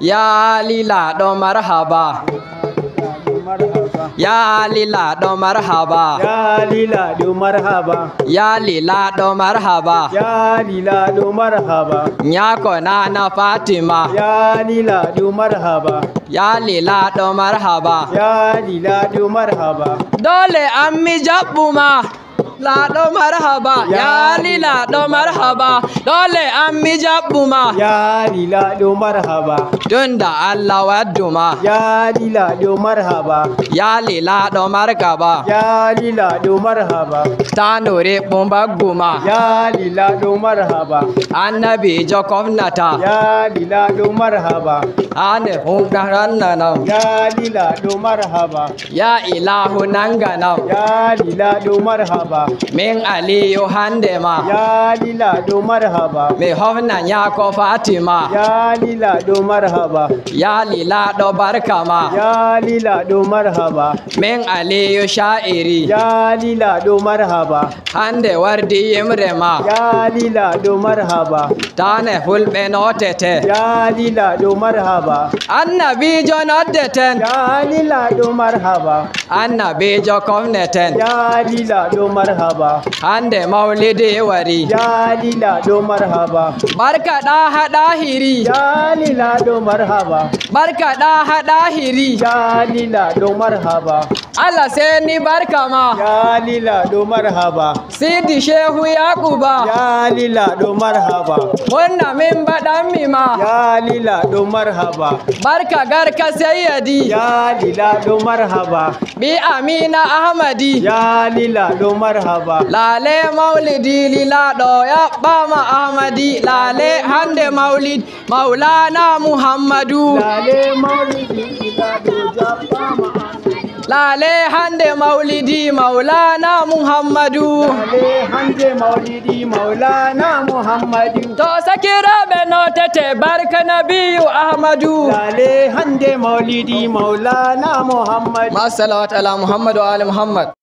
ya lila do marhaba ya lila do marhaba ya lila do marhaba ya lila do marhaba ya lila do marhaba nyako na na fatima ya lila do marhaba ya lila do marhaba ya lila do marhaba dole ammi jabuma laɗo marhaba yali laɗo marhaba dole an mi jaɓɓuma yali laɗo marhaba don da allah wadduma yali laɗo marhaba yali laɗo markaba yali laɗo marhaba tanore ɓumbagguma yali laɗo marhaba annabi jo gwamnata yali laɗo marhaba ane hunɗaran nanam yali laɗo marhaba ya ilahu nanganam yali laɗo marhaba min ali yohande ma ya lila do marhaba hofna nya ko fatima ya lila do marhaba ya lila do barka ma ya lila do marhaba min ali yo sha'iri ya lila do marhaba hande wardi yimre ma ya lila do marhaba tane fulbe notete ya lila do marhaba annabi jo noddeten ya lila do marhaba annabi jo komneten ya lila do marhaba marhaba hande maulidi wari ya lila do marhaba barka da hada hiri ya lila do marhaba barka da hada hiri ya lila do marhaba Allah sai ni barka ma ya lila do marhaba sidi shehu yakuba ya lila do marhaba wannan min badan mi ma ya lila do marhaba barka garka sayyadi ya lila do marhaba bi amina ahmadi ya lila do marhaba lale maulidi lila do ya bama ahmadi lale hande maulid maulana muhammadu lale maulidi lila do ya bama lale hande maulidi maulana muhammadu lale hande maulidi maulana muhammadu to sakira be no tete barka nabiyu ahmadu lale hande maulidi maulana muhammadu ma salawat ala Muhammadu wa ali muhammad